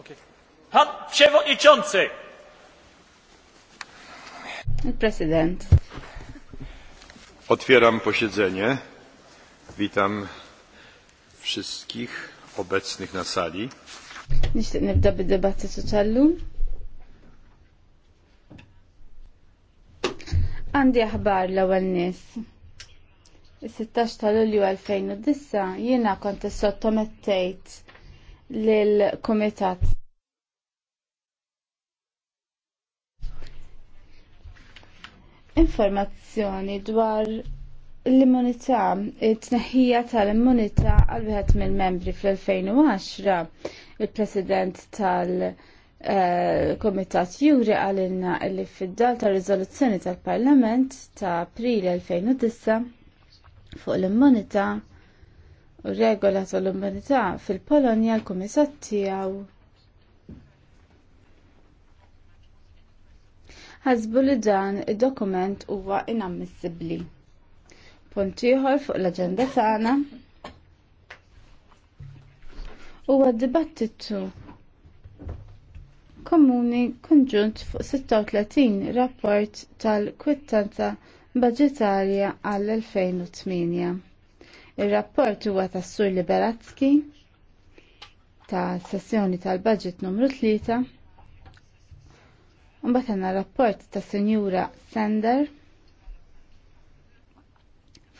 Okay. Przewodniczący! Prezydent. Otwieram posiedzenie. Witam wszystkich obecnych na sali. Nixtieq nibda bid-dibattitu tal-lum. Għandi aħbar l-ewwel nies. Is-16 ta' Lulju 2009 jiena kont sottomettejt lill-Kumitat. Informazzjoni dwar l-immunità, it-tneħħija tal-immunità għal wieħed mill-membri fl-2010, il-President tal- eh, Komitat Juri għalinna li fid-dal ta' rizoluzzjoni tal-Parlament ta' April 2009 fuq l-immunità U regola tal-umanità fil-Polonja l-Kummissat tiegħu ħasbu li dan id-dokument huwa inammissibbli. Punt ieħor fuq l-aġenda tagħna huwa dibattitu komuni konġunt fuq 36 rapport tal-kwittanza budgetarja għall-2008. Il-rapport huwa ta' Sur Liberatski ta' sessjoni tal-budget numru 3. Un għandna rapport ta' Senjura Sender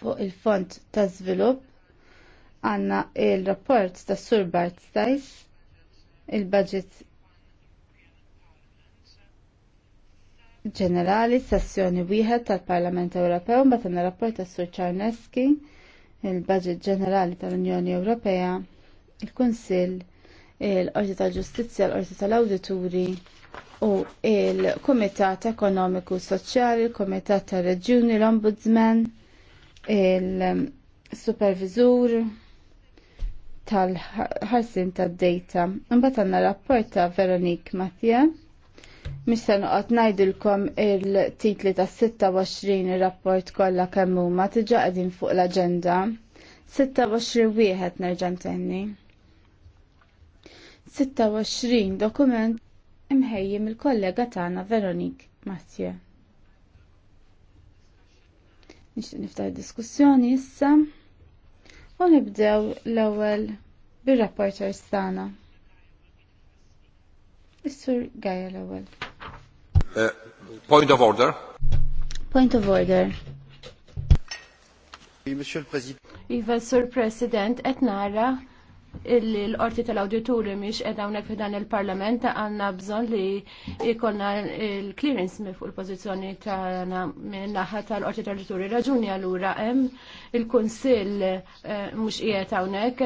fuq il-Fond ta' svilup. għandna il-rapport ta' Sur Bart Stajs il-budget ġenerali sessjoni wieħed tal-Parlament Ewropew mbagħad għandna rapport tas Sur Czarneski il-Budget Ġenerali tal-Unjoni Ewropea, il-Kunsill, il-Qorti tal-Ġustizzja, l-Qorti tal-Awdituri u il-Kumitat Ekonomiku Soċjali, il-Kumitat tal-Reġjuni, l-Ombudsman, il-Supervizur tal-ħarsin tad-data. Imbagħad għandna rapport ta' Veronique Mathieu Mista noqgħod ngħidilkom il-titli ta' 26 ir-rapport kollha kemm huma tiġa qegħdin fuq l-aġenda. 26 wieħed nerġa' ntenni. 26 dokument imħejjim il-kollega tagħna Veronik Mathieu. Nixtieq niftaħ diskussjoni issa u nibdew l-ewwel bir-rapporters tagħna. Is-sur Gaja l-ewwel. Eh, point of order. Point of order. Monsieur President. Iva, Sur President, et nara l-orti tal-awdituri miex edha unek f'dan il-parlament għanna bżon li ikonna il-clearance fuq il-pozizjoni ta' minn naħa tal-orti tal-awdituri. Raġuni għallura hemm il-kunsill eh, mhux qiegħed hawnhekk